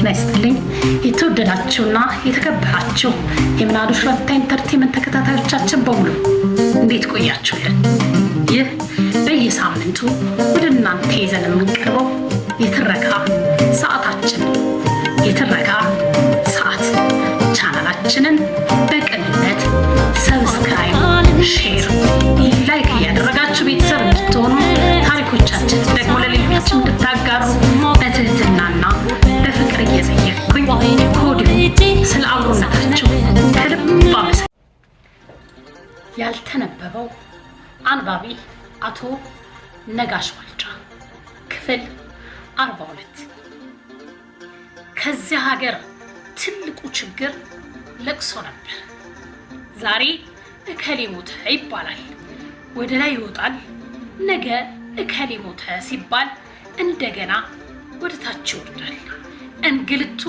ጤና ይስጥልኝ የተወደዳችሁና የተከበራችሁ የምናሉሽ ረታ ኢንተርቴንመንት ተከታታዮቻችን በሙሉ እንዴት ቆያችሁልን? ይህ በየሳምንቱ ወደ እናንተ ይዘን ያልተነበበው አንባቢ አቶ ነጋሽ ዋልጫ ክፍል 42 ከዚያ ሀገር ትልቁ ችግር ለቅሶ ነበር። ዛሬ እከሌ ሞተ ይባላል፣ ወደ ላይ ይወጣል። ነገ እከሌ ሞተ ሲባል እንደገና ወደ ታች ይወርዳል። እንግልቱ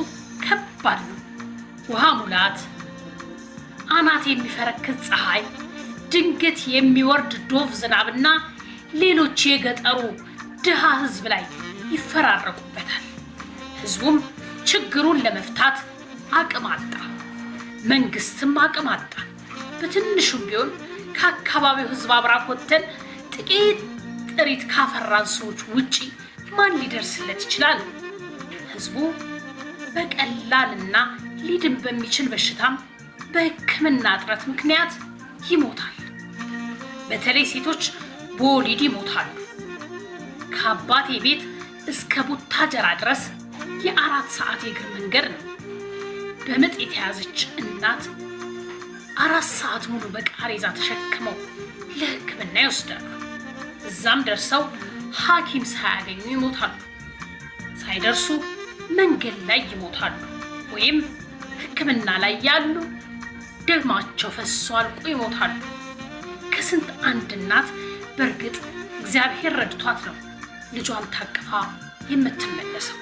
ከባድ ነው። ውሃ ሙላት፣ አናት የሚፈረክዝ ፀሐይ ድንገት የሚወርድ ዶፍ ዝናብና ሌሎች የገጠሩ ድሃ ህዝብ ላይ ይፈራረቁበታል። ህዝቡም ችግሩን ለመፍታት አቅም አጣ፣ መንግስትም አቅም አጣ። በትንሹም ቢሆን ከአካባቢው ህዝብ አብራክ ወጥተን ጥቂት ጥሪት ካፈራን ሰዎች ውጪ ማን ሊደርስለት ይችላል? ህዝቡ በቀላልና ሊድን በሚችል በሽታም በህክምና እጥረት ምክንያት ይሞታል። በተለይ ሴቶች በወሊድ ይሞታሉ። ከአባቴ ቤት እስከ ቡታጀራ ድረስ የአራት ሰዓት የእግር መንገድ ነው። በምጥ የተያዘች እናት አራት ሰዓት ሙሉ በቃሬዛ ተሸክመው ለሕክምና ይወስዳሉ። እዛም ደርሰው ሐኪም ሳያገኙ ይሞታሉ። ሳይደርሱ መንገድ ላይ ይሞታሉ ወይም ሕክምና ላይ ያሉ ደማቸው ፈሶ አልቆ ይሞታሉ። ከስንት አንድ እናት በእርግጥ እግዚአብሔር ረድቷት ነው ልጇን ታቅፋ የምትመለሰው።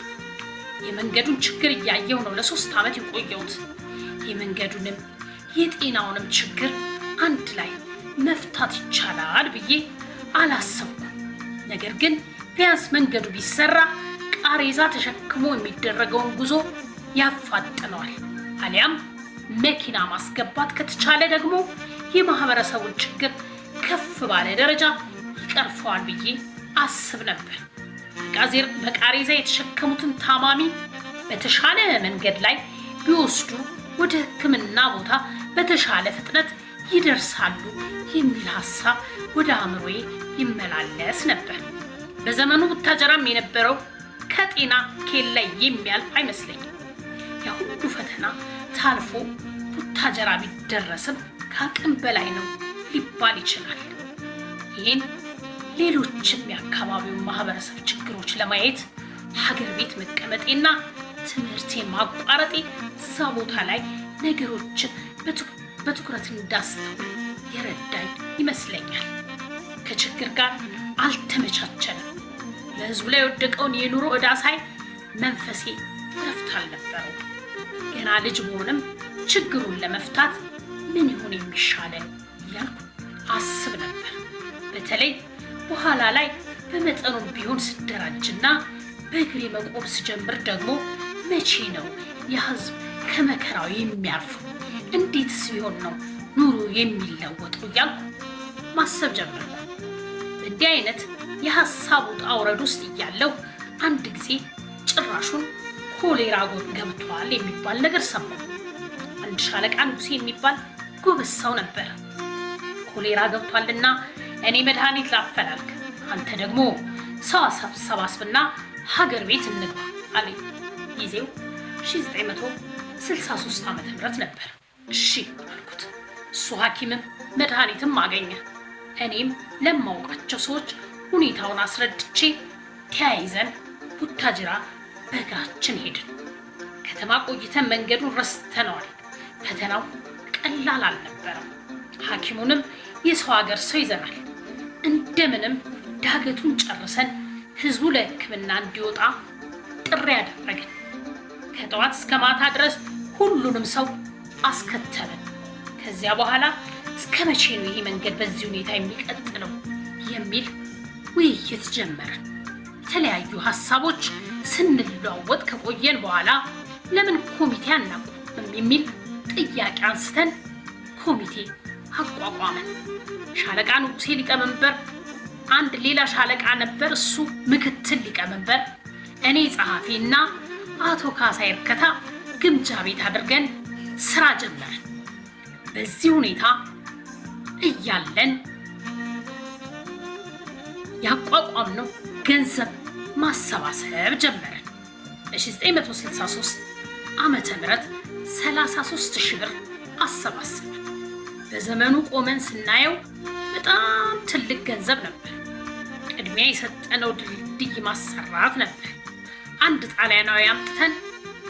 የመንገዱን ችግር እያየው ነው ለሶስት ዓመት የቆየሁት። የመንገዱንም የጤናውንም ችግር አንድ ላይ መፍታት ይቻላል ብዬ አላሰብኩም። ነገር ግን ቢያንስ መንገዱ ቢሰራ ቃሬዛ ተሸክሞ የሚደረገውን ጉዞ ያፋጥነዋል። አሊያም መኪና ማስገባት ከተቻለ ደግሞ የማህበረሰቡን ችግር ከፍ ባለ ደረጃ ይቀርፈዋል ብዬ አስብ ነበር። በቃሬዛ የተሸከሙትን ታማሚ በተሻለ መንገድ ላይ ቢወስዱ ወደ ሕክምና ቦታ በተሻለ ፍጥነት ይደርሳሉ የሚል ሀሳብ ወደ አእምሮዬ ይመላለስ ነበር። በዘመኑ ቡታጀራም የነበረው ከጤና ኬል ላይ የሚያልፍ አይመስለኝም። የሁሉ ፈተና ታልፎ ቡታጀራ ቢደረስም ከአቅም በላይ ነው ሊባል ይችላል። ይህን ሌሎችም የአካባቢውን ማህበረሰብ ችግሮች ለማየት ሀገር ቤት መቀመጤና ትምህርቴ ማቋረጤ እዛ ቦታ ላይ ነገሮችን በትኩረት እንዳስተው የረዳኝ ይመስለኛል። ከችግር ጋር አልተመቻቸንም። በህዝቡ ላይ የወደቀውን የኑሮ ዕዳ ሳይ መንፈሴ ረፍት አልነበረው። ገና ልጅ መሆንም ችግሩን ለመፍታት ምን ይሆን የሚሻለን እያልኩ አስብ ነበር። በተለይ በኋላ ላይ በመጠኑም ቢሆን ስደራጅና በእግሬ መቆም ስጀምር ደግሞ መቼ ነው የህዝብ ከመከራው የሚያርፉ? እንዴትስ ቢሆን ነው ኑሮ የሚለወጠው? እያልኩ ማሰብ ጀመርኩ። እንዲህ አይነት የሀሳብ ውጣ ውረድ ውስጥ እያለሁ አንድ ጊዜ ጭራሹን ኮሌራ ጎን ገብቷል የሚባል ነገር ሰማሁ። አንድ ሻለቃ ንጉሴ የሚባል ጎበዝ ሰው ነበር። ኮሌራ ገብቷልና እኔ መድኃኒት ላፈላልክ፣ አንተ ደግሞ ሰው ሰባስብና ሀገር ቤት እንግባ አለኝ። ጊዜው 1963 ዓ ም ነበር። እሺ አልኩት። እሱ ሐኪምም መድኃኒትም አገኘ። እኔም ለማውቃቸው ሰዎች ሁኔታውን አስረድቼ ተያይዘን ቡታጅራ በእግራችን ሄድን። ከተማ ቆይተን መንገዱን ረስተነዋል። ፈተናው ቀላል አልነበረም። ሐኪሙንም የሰው ሀገር ሰው ይዘናል፣ እንደምንም ዳገቱን ጨርሰን ህዝቡ ለህክምና እንዲወጣ ጥሪ ያደረግን። ከጠዋት እስከ ማታ ድረስ ሁሉንም ሰው አስከተለን ከዚያ በኋላ እስከ መቼ ነው ይህ መንገድ በዚህ ሁኔታ የሚቀጥለው የሚል ውይይት ጀመርን። የተለያዩ ሀሳቦች ስንለዋወጥ ከቆየን በኋላ ለምን ኮሚቴ አናቋቁምም የሚል ጥያቄ አንስተን ኮሚቴ አቋቋመን። ሻለቃ ንጉሴ ሊቀመንበር፣ አንድ ሌላ ሻለቃ ነበር፣ እሱ ምክትል ሊቀመንበር፣ እኔ ጸሐፊ እና አቶ ካሳ ይርከታ ግምጃ ቤት አድርገን ስራ ጀመርን። በዚህ ሁኔታ እያለን ያቋቋም ነው ገንዘብ ማሰባሰብ ጀመርን። በ1963 ዓመተ ምህረት 33 ሺህ ብር አሰባሰበ። በዘመኑ ቆመን ስናየው በጣም ትልቅ ገንዘብ ነበር። ቅድሚያ የሰጠነው ድልድይ ማሰራት ነበር። አንድ ጣሊያናዊ አምጥተን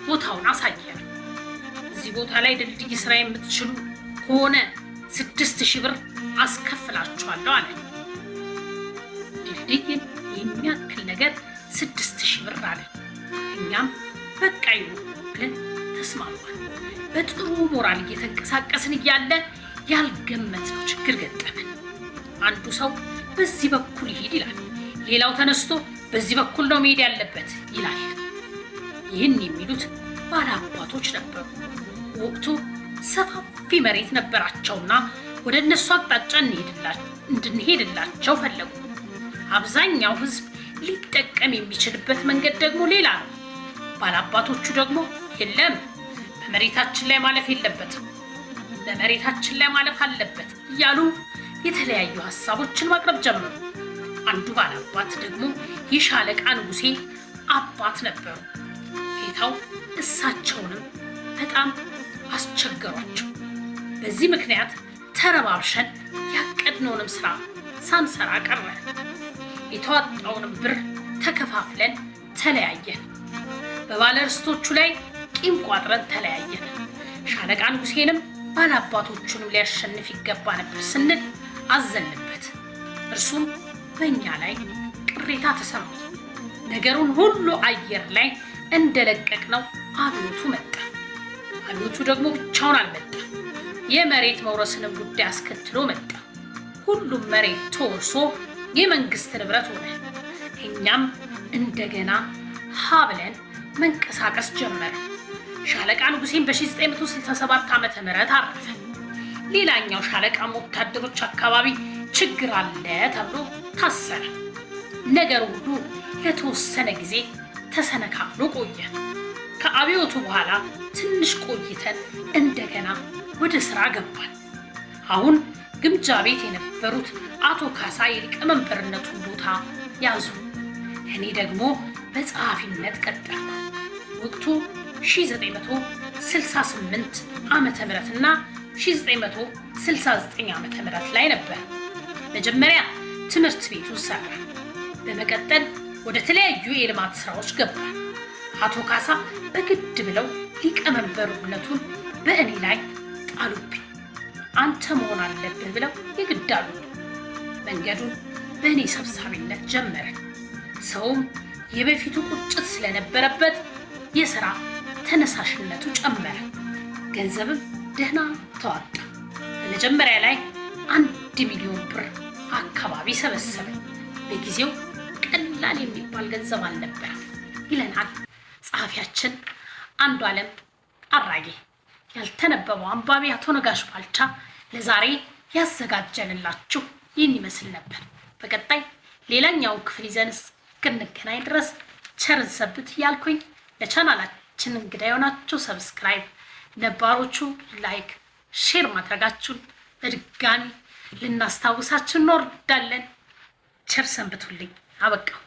ቦታውን አሳየን። እዚህ ቦታ ላይ ድልድይ ስራ የምትችሉ ከሆነ ስድስት ሺህ ብር አስከፍላችኋለሁ አለ። ድልድይን የሚያክል ነገር ስድስት ሺህ ብር አለ። እኛም በቃ ይሁን ብለን ተስማማል። በጥሩ ሞራል እየተንቀሳቀስን እያለ ያልገመትነው ችግር ገጠመን። አንዱ ሰው በዚህ በኩል ይሄድ ይላል፣ ሌላው ተነስቶ በዚህ በኩል ነው መሄድ ያለበት ይላል። ይህን የሚሉት ባለአባቶች ነበሩ። ወቅቱ ሰፋፊ መሬት ነበራቸውና ወደ እነሱ አቅጣጫ እንድንሄድላቸው ፈለጉ። አብዛኛው ሕዝብ ሊጠቀም የሚችልበት መንገድ ደግሞ ሌላ ነው። ባለአባቶቹ ደግሞ የለም። በመሬታችን ላይ ማለፍ የለበትም፣ በመሬታችን ላይ ማለፍ አለበት እያሉ የተለያዩ ሀሳቦችን ማቅረብ ጀመሩ። አንዱ ባላባት ደግሞ የሻለቃ ንጉሴ አባት ነበሩ። ጌታው እሳቸውንም በጣም አስቸገሯቸው። በዚህ ምክንያት ተረባብሸን ያቀድነውንም ስራ ሳንሰራ ቀረ። የተዋጣውንም ብር ተከፋፍለን ተለያየን። በባለርስቶቹ ላይ ቂም ቋጥረን ተለያየን። ሻለቃ ንጉሴንም ባላባቶቹንም ሊያሸንፍ ይገባ ነበር ስንል አዘንበት። እርሱም በእኛ ላይ ቅሬታ ተሰማ። ነገሩን ሁሉ አየር ላይ እንደለቀቅ ነው አብዮቱ መጣ። አብዮቱ ደግሞ ብቻውን አልመጣም። የመሬት መውረስንም ጉዳይ አስከትሎ መጣ። ሁሉም መሬት ተወርሶ የመንግስት ንብረት ሆነ። እኛም እንደገና ሀብለን ብለን መንቀሳቀስ ጀመረ። ሻለቃ ንጉሴን በ1967 ዓ.ም ምህረት አረፈ። ሌላኛው ሻለቃ ወታደሮች አካባቢ ችግር አለ ተብሎ ታሰረ። ነገር ሁሉ ለተወሰነ ጊዜ ተሰነካክሎ ቆየ። ከአብዮቱ በኋላ ትንሽ ቆይተን እንደገና ወደ ስራ ገባል። አሁን ግምጃ ቤት የነበሩት አቶ ካሳ የሊቀመንበርነቱን ቦታ ያዙ። እኔ ደግሞ በጸሐፊነት ቀጠልኩ። ወቅቱ 1968 ዓመተ ምህረት እና 1969 ዓመተ ምህረት ላይ ነበር። መጀመሪያ ትምህርት ቤቱ ሰራ። በመቀጠል ወደ ተለያዩ የልማት ስራዎች ገባ። አቶ ካሳ በግድ ብለው ሊቀመንበሩነቱን በእኔ ላይ ጣሉብኝ። አንተ መሆን አለብህ ብለው ይግዳሉ። መንገዱን በእኔ ሰብሳቢነት ጀመረ። ሰውም የበፊቱ ቁጭት ስለነበረበት የሥራ ተነሳሽነቱ ጨመረ፣ ገንዘብም ደህና ተዋጣ። በመጀመሪያ ላይ አንድ ሚሊዮን ብር አካባቢ ሰበሰበ። በጊዜው ቀላል የሚባል ገንዘብ አልነበረ ይለናል ጸሐፊያችን አንዱ ዓለም አራጌ። ያልተነበበው አንባቢ አቶ ነጋሽ ባልቻ ለዛሬ ያዘጋጀንላችሁ ይህን ይመስል ነበር። በቀጣይ ሌላኛውን ክፍል ይዘን እስክንገናኝ ድረስ ቸርን ሰብት ያልኩኝ ለቻናላችን ለቻናላችን እንግዳ የሆናችሁ ሰብስክራይብ፣ ነባሮቹ ላይክ፣ ሼር ማድረጋችሁን በድጋሚ ልናስታውሳችሁ እንወርዳለን። ቸር ሰንብቱልኝ። አበቃው።